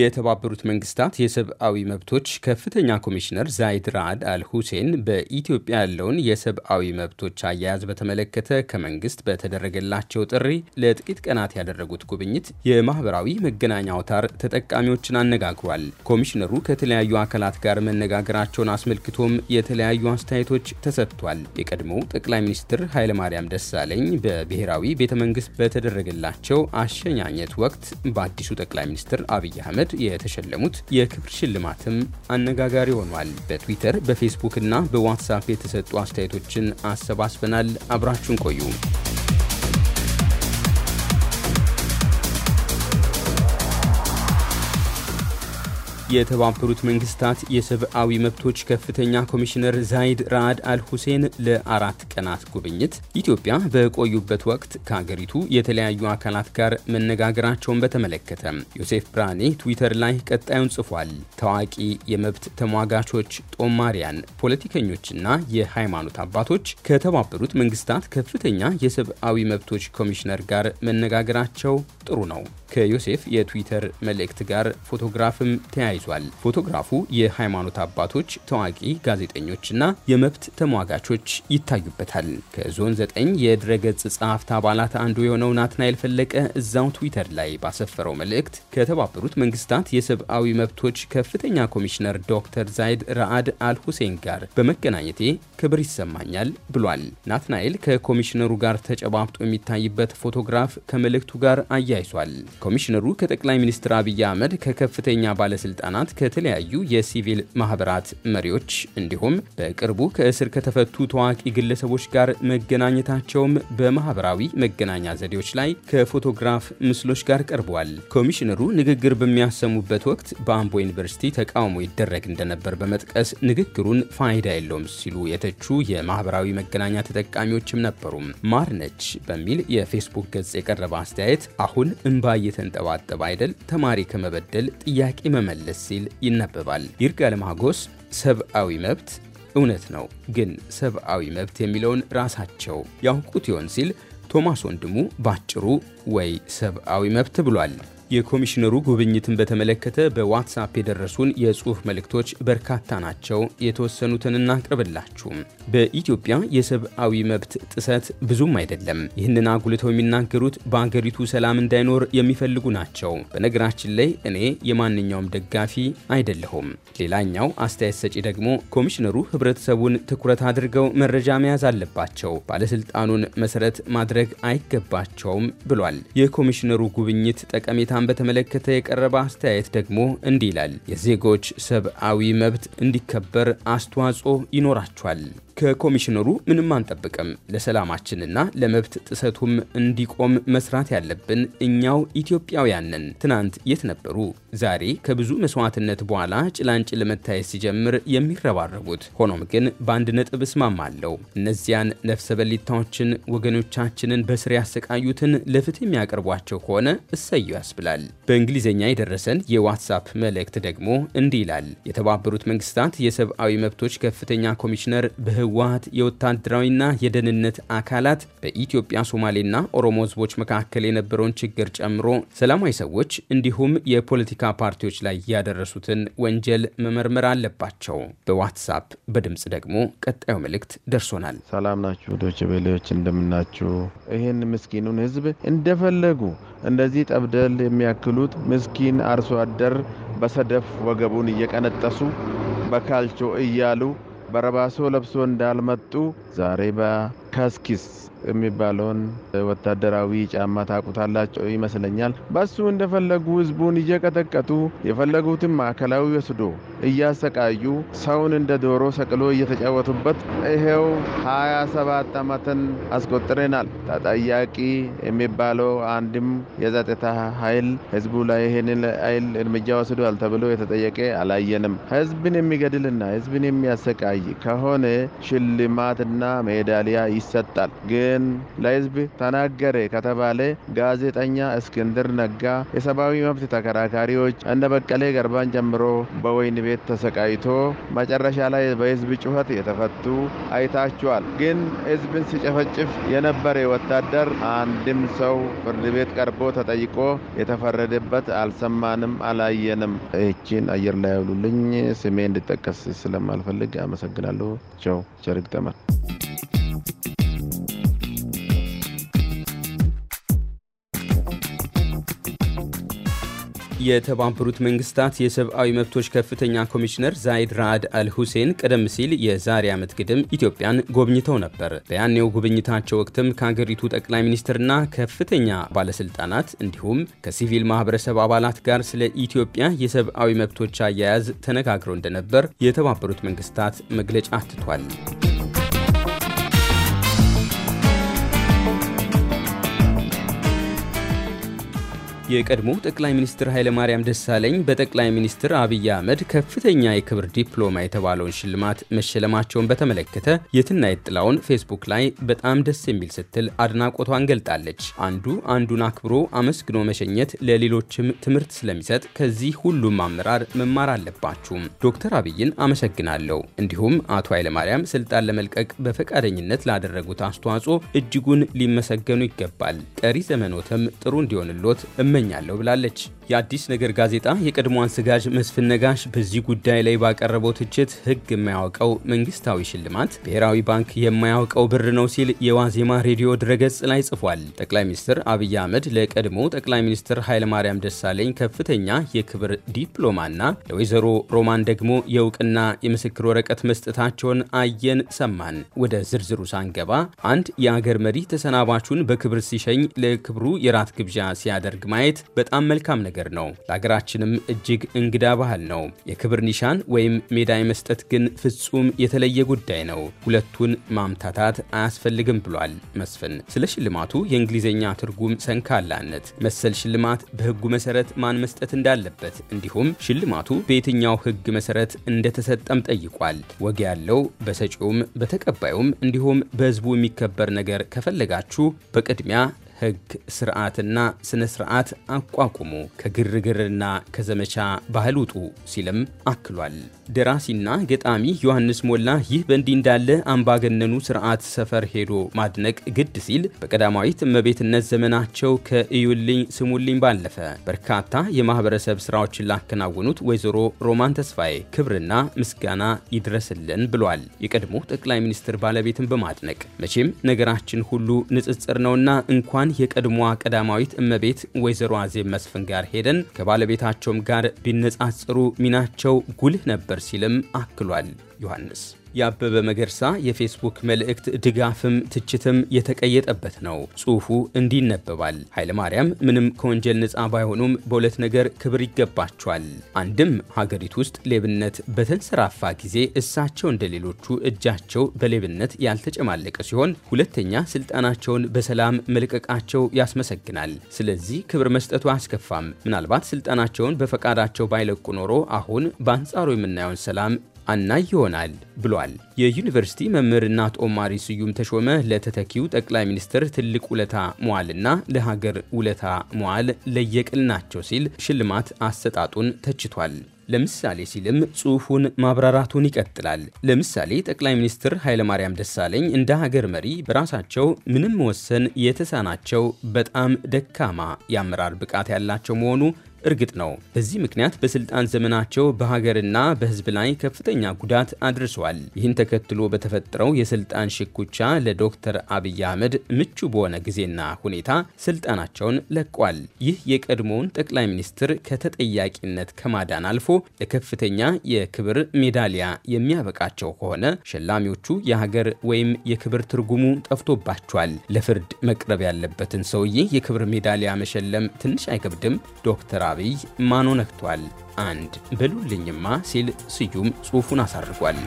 የተባበሩት መንግስታት የሰብአዊ መብቶች ከፍተኛ ኮሚሽነር ዛይድ ራአድ አልሁሴን በኢትዮጵያ ያለውን የሰብአዊ መብቶች አያያዝ በተመለከተ ከመንግስት በተደረገላቸው ጥሪ ለጥቂት ቀናት ያደረጉት ጉብኝት የማህበራዊ መገናኛ አውታር ተጠቃሚዎችን አነጋግሯል። ኮሚሽነሩ ከተለያዩ አካላት ጋር መነጋገራቸውን አስመልክቶም የተለያዩ አስተያየቶች ተሰጥቷል። የቀድሞው ጠቅላይ ሚኒስትር ኃይለማርያም ደሳለኝ በብሔራዊ ቤተ መንግስት በተደረገላቸው አሸኛኘት ወቅት በአዲሱ ጠቅላይ ሚኒስትር አብይ አህመድ ረገድ የተሸለሙት የክብር ሽልማትም አነጋጋሪ ሆኗል። በትዊተር በፌስቡክ እና በዋትሳፕ የተሰጡ አስተያየቶችን አሰባስበናል። አብራችሁን ቆዩ። የተባበሩት መንግስታት የሰብአዊ መብቶች ከፍተኛ ኮሚሽነር ዛይድ ራድ አልሁሴን ለአራት ቀናት ጉብኝት ኢትዮጵያ በቆዩበት ወቅት ከሀገሪቱ የተለያዩ አካላት ጋር መነጋገራቸውን በተመለከተ ዮሴፍ ብርሃኔ ትዊተር ላይ ቀጣዩን ጽፏል። ታዋቂ የመብት ተሟጋቾች፣ ጦማሪያን፣ ፖለቲከኞችና የሃይማኖት አባቶች ከተባበሩት መንግስታት ከፍተኛ የሰብአዊ መብቶች ኮሚሽነር ጋር መነጋገራቸው ጥሩ ነው። ከዮሴፍ የትዊተር መልእክት ጋር ፎቶግራፍም ተያይዟል። ይዟል። ፎቶግራፉ የሃይማኖት አባቶች፣ ታዋቂ ጋዜጠኞችና የመብት ተሟጋቾች ይታዩበታል። ከዞን 9 የድረገጽ ጸሐፍት አባላት አንዱ የሆነው ናትናኤል ፈለቀ እዛው ትዊተር ላይ ባሰፈረው መልእክት ከተባበሩት መንግስታት የሰብአዊ መብቶች ከፍተኛ ኮሚሽነር ዶክተር ዛይድ ራአድ አልሁሴን ጋር በመገናኘቴ ክብር ይሰማኛል ብሏል። ናትናኤል ከኮሚሽነሩ ጋር ተጨባብጦ የሚታይበት ፎቶግራፍ ከመልእክቱ ጋር አያይዟል። ኮሚሽነሩ ከጠቅላይ ሚኒስትር አብይ አህመድ ከከፍተኛ ባለስልጣ ባለስልጣናት ከተለያዩ የሲቪል ማህበራት መሪዎች እንዲሁም በቅርቡ ከእስር ከተፈቱ ታዋቂ ግለሰቦች ጋር መገናኘታቸውም በማህበራዊ መገናኛ ዘዴዎች ላይ ከፎቶግራፍ ምስሎች ጋር ቀርበዋል። ኮሚሽነሩ ንግግር በሚያሰሙበት ወቅት በአምቦ ዩኒቨርሲቲ ተቃውሞ ይደረግ እንደነበር በመጥቀስ ንግግሩን ፋይዳ የለውም ሲሉ የተቹ የማህበራዊ መገናኛ ተጠቃሚዎችም ነበሩም። ማር ነች በሚል የፌስቡክ ገጽ የቀረበ አስተያየት አሁን እንባ እየተንጠባጠበ አይደል? ተማሪ ከመበደል ጥያቄ መመለስ መለስ ሲል ይነበባል። ይርጋለም ሐጎስ ሰብአዊ መብት እውነት ነው፣ ግን ሰብአዊ መብት የሚለውን ራሳቸው ያውቁት ይሆን ሲል ቶማስ ወንድሙ ባጭሩ ወይ ሰብአዊ መብት ብሏል። የኮሚሽነሩ ጉብኝትን በተመለከተ በዋትሳፕ የደረሱን የጽሑፍ መልእክቶች በርካታ ናቸው። የተወሰኑትን እናቅርብላችሁም። በኢትዮጵያ የሰብአዊ መብት ጥሰት ብዙም አይደለም። ይህንን አጉልተው የሚናገሩት በአገሪቱ ሰላም እንዳይኖር የሚፈልጉ ናቸው። በነገራችን ላይ እኔ የማንኛውም ደጋፊ አይደለሁም። ሌላኛው አስተያየት ሰጪ ደግሞ ኮሚሽነሩ ህብረተሰቡን ትኩረት አድርገው መረጃ መያዝ አለባቸው፣ ባለስልጣኑን መሰረት ማድረግ አይገባቸውም ብሏል። የኮሚሽነሩ ጉብኝት ጠቀሜታን በተመለከተ የቀረበ አስተያየት ደግሞ እንዲህ ይላል። የዜጎች ሰብአዊ መብት እንዲከበር አስተዋጽኦ ይኖራቸዋል። ከኮሚሽነሩ ምንም አንጠብቅም። ለሰላማችንና ለመብት ጥሰቱም እንዲቆም መስራት ያለብን እኛው ኢትዮጵያውያን ነን። ትናንት የት ነበሩ? ዛሬ ከብዙ መስዋዕትነት በኋላ ጭላንጭል መታየት ሲጀምር የሚረባረቡት። ሆኖም ግን በአንድ ነጥብ እስማማለሁ። እነዚያን ነፍሰ በሊታዎችን ወገኖቻችንን በስር ያሰቃዩትን ለፍትህ የሚያቀርቧቸው ከሆነ እሰዩ ያስብላል። በእንግሊዝኛ የደረሰን የዋትሳፕ መልእክት ደግሞ እንዲህ ይላል። የተባበሩት መንግስታት የሰብአዊ መብቶች ከፍተኛ ኮሚሽነር በህ የህወሀት የወታደራዊና የደህንነት አካላት በኢትዮጵያ ሶማሌና ኦሮሞ ህዝቦች መካከል የነበረውን ችግር ጨምሮ ሰላማዊ ሰዎች እንዲሁም የፖለቲካ ፓርቲዎች ላይ ያደረሱትን ወንጀል መመርመር አለባቸው። በዋትሳፕ በድምፅ ደግሞ ቀጣዩ መልእክት ደርሶናል። ሰላም ናችሁ ዶችቤሌዎች፣ እንደምናችሁ ይህን ምስኪኑን ህዝብ እንደፈለጉ እንደዚህ ጠብደል የሚያክሉት ምስኪን አርሶ አደር በሰደፍ ወገቡን እየቀነጠሱ በካልቾ እያሉ በረባሶ ለብሶ እንዳልመጡ ዛሬ ካስኪስ የሚባለውን ወታደራዊ ጫማ ታቁታላቸው ይመስለኛል። በሱ እንደፈለጉ ህዝቡን እየቀጠቀጡ የፈለጉትን ማዕከላዊ ወስዶ እያሰቃዩ ሰውን እንደ ዶሮ ሰቅሎ እየተጫወቱበት ይሄው 27 ዓመትን አስቆጥረናል። ተጠያቂ የሚባለው አንድም የጸጥታ ኃይል ህዝቡ ላይ ይህንን ኃይል እርምጃ ወስዷል ተብሎ የተጠየቀ አላየንም። ህዝብን የሚገድልና ህዝብን የሚያሰቃይ ከሆነ ሽልማትና ሜዳሊያ ይ። ይሰጣል። ግን ለህዝብ ተናገረ ከተባለ ጋዜጠኛ እስክንድር ነጋ፣ የሰብአዊ መብት ተከራካሪዎች እንደ በቀለ ገርባን ጀምሮ በወይን ቤት ተሰቃይቶ መጨረሻ ላይ በህዝብ ጩኸት የተፈቱ አይታችኋል። ግን ህዝብን ሲጨፈጭፍ የነበረ ወታደር አንድም ሰው ፍርድ ቤት ቀርቦ ተጠይቆ የተፈረደበት አልሰማንም፣ አላየንም። ይህችን አየር ላይ ያውሉልኝ። ስሜ እንድጠቀስ ስለማልፈልግ አመሰግናለሁ። ቸው ቸርግ የተባበሩት መንግስታት የሰብአዊ መብቶች ከፍተኛ ኮሚሽነር ዛይድ ራአድ አልሁሴን ቀደም ሲል የዛሬ ዓመት ግድም ኢትዮጵያን ጎብኝተው ነበር። በያኔው ጉብኝታቸው ወቅትም ከሀገሪቱ ጠቅላይ ሚኒስትርና ከፍተኛ ባለስልጣናት እንዲሁም ከሲቪል ማህበረሰብ አባላት ጋር ስለ ኢትዮጵያ የሰብአዊ መብቶች አያያዝ ተነጋግረው እንደነበር የተባበሩት መንግስታት መግለጫ አትቷል። የቀድሞ ጠቅላይ ሚኒስትር ኃይለማርያም ደሳለኝ በጠቅላይ ሚኒስትር አብይ አህመድ ከፍተኛ የክብር ዲፕሎማ የተባለውን ሽልማት መሸለማቸውን በተመለከተ የትናየት ጥላውን ፌስቡክ ላይ በጣም ደስ የሚል ስትል አድናቆቷን ገልጣለች። አንዱ አንዱን አክብሮ አመስግኖ መሸኘት ለሌሎችም ትምህርት ስለሚሰጥ ከዚህ ሁሉም አመራር መማር አለባችሁም። ዶክተር አብይን አመሰግናለሁ። እንዲሁም አቶ ኃይለማርያም ስልጣን ለመልቀቅ በፈቃደኝነት ላደረጉት አስተዋጽኦ እጅጉን ሊመሰገኑ ይገባል። ቀሪ ዘመኖትም ጥሩ እንዲሆንሎት እመኛለሁ ብላለች። የአዲስ ነገር ጋዜጣ የቀድሞ አዘጋጅ መስፍን ነጋሽ በዚህ ጉዳይ ላይ ባቀረበው ትችት ሕግ የማያውቀው መንግስታዊ ሽልማት ብሔራዊ ባንክ የማያውቀው ብር ነው ሲል የዋዜማ ሬዲዮ ድረገጽ ላይ ጽፏል። ጠቅላይ ሚኒስትር አብይ አህመድ ለቀድሞ ጠቅላይ ሚኒስትር ኃይለማርያም ደሳለኝ ከፍተኛ የክብር ዲፕሎማና ለወይዘሮ ሮማን ደግሞ የእውቅና የምስክር ወረቀት መስጠታቸውን አየን ሰማን። ወደ ዝርዝሩ ሳንገባ አንድ የአገር መሪ ተሰናባቹን በክብር ሲሸኝ ለክብሩ የራት ግብዣ ሲያደርግ ማየት ማየት በጣም መልካም ነገር ነው። ለሀገራችንም እጅግ እንግዳ ባህል ነው። የክብር ኒሻን ወይም ሜዳ የመስጠት ግን ፍጹም የተለየ ጉዳይ ነው። ሁለቱን ማምታታት አያስፈልግም ብሏል መስፍን። ስለ ሽልማቱ የእንግሊዝኛ ትርጉም ሰንካላነት፣ መሰል ሽልማት በህጉ መሰረት ማን መስጠት እንዳለበት፣ እንዲሁም ሽልማቱ በየትኛው ህግ መሰረት እንደተሰጠም ጠይቋል። ወግ ያለው በሰጪውም በተቀባዩም እንዲሁም በህዝቡ የሚከበር ነገር ከፈለጋችሁ በቅድሚያ ህግ ስርዓትና ስነ ስርዓት አቋቁሙ፣ ከግርግርና ከዘመቻ ባህል ውጡ ሲልም አክሏል። ደራሲና ገጣሚ ዮሐንስ ሞላ ይህ በእንዲህ እንዳለ አምባገነኑ ስርዓት ሰፈር ሄዶ ማድነቅ ግድ ሲል በቀዳማዊት እመቤትነት ዘመናቸው ከእዩልኝ ስሙልኝ ባለፈ በርካታ የማህበረሰብ ስራዎችን ላከናወኑት ወይዘሮ ሮማን ተስፋዬ ክብርና ምስጋና ይድረስልን ብሏል። የቀድሞ ጠቅላይ ሚኒስትር ባለቤትን በማድነቅ መቼም ነገራችን ሁሉ ንጽጽር ነውና እንኳን የቀድሞዋ ቀዳማዊት እመቤት ወይዘሮ አዜብ መስፍን ጋር ሄደን ከባለቤታቸውም ጋር ቢነጻጽሩ ሚናቸው ጉልህ ነበር ሲልም አክሏል ዮሐንስ። የአበበ መገርሳ የፌስቡክ መልእክት ድጋፍም ትችትም የተቀየጠበት ነው። ጽሑፉ እንዲህ ይነበባል። ኃይለማርያም ምንም ከወንጀል ነፃ ባይሆኑም በሁለት ነገር ክብር ይገባቸዋል። አንድም ሀገሪቱ ውስጥ ሌብነት በተንሰራፋ ጊዜ እሳቸው እንደ ሌሎቹ እጃቸው በሌብነት ያልተጨማለቀ ሲሆን፣ ሁለተኛ ስልጣናቸውን በሰላም መልቀቃቸው ያስመሰግናል። ስለዚህ ክብር መስጠቱ አያስከፋም። ምናልባት ስልጣናቸውን በፈቃዳቸው ባይለቁ ኖሮ አሁን በአንጻሩ የምናየውን ሰላም አናይ ይሆናል ብሏል። የዩኒቨርሲቲ መምህርና ጦማሪ ስዩም ተሾመ ለተተኪው ጠቅላይ ሚኒስትር ትልቅ ውለታ መዋልና ለሀገር ውለታ መዋል ለየቅል ናቸው ሲል ሽልማት አሰጣጡን ተችቷል። ለምሳሌ ሲልም ጽሑፉን ማብራራቱን ይቀጥላል። ለምሳሌ ጠቅላይ ሚኒስትር ኃይለማርያም ደሳለኝ እንደ ሀገር መሪ በራሳቸው ምንም መወሰን የተሳናቸው በጣም ደካማ የአመራር ብቃት ያላቸው መሆኑ እርግጥ ነው። በዚህ ምክንያት በስልጣን ዘመናቸው በሀገርና በህዝብ ላይ ከፍተኛ ጉዳት አድርሷል። ይህን ተከትሎ በተፈጠረው የስልጣን ሽኩቻ ለዶክተር አብይ አህመድ ምቹ በሆነ ጊዜና ሁኔታ ስልጣናቸውን ለቋል። ይህ የቀድሞውን ጠቅላይ ሚኒስትር ከተጠያቂነት ከማዳን አልፎ ለከፍተኛ የክብር ሜዳሊያ የሚያበቃቸው ከሆነ ሸላሚዎቹ የሀገር ወይም የክብር ትርጉሙ ጠፍቶባቸዋል። ለፍርድ መቅረብ ያለበትን ሰውዬ የክብር ሜዳሊያ መሸለም ትንሽ አይከብድም ዶክተር አብይ ማኖ ነክቷል። አንድ በሉልኝማ ሲል ስዩም ጽሑፉን አሳርጓል።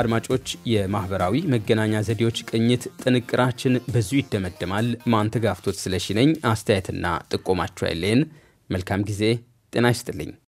አድማጮች፣ የማኅበራዊ መገናኛ ዘዴዎች ቅኝት ጥንቅራችን በዙ ይደመደማል። ማንተጋፍቶት ስለሽነኝ አስተያየትና ጥቆማቸው አይለየን። መልካም ጊዜ። ጤና ይስጥልኝ።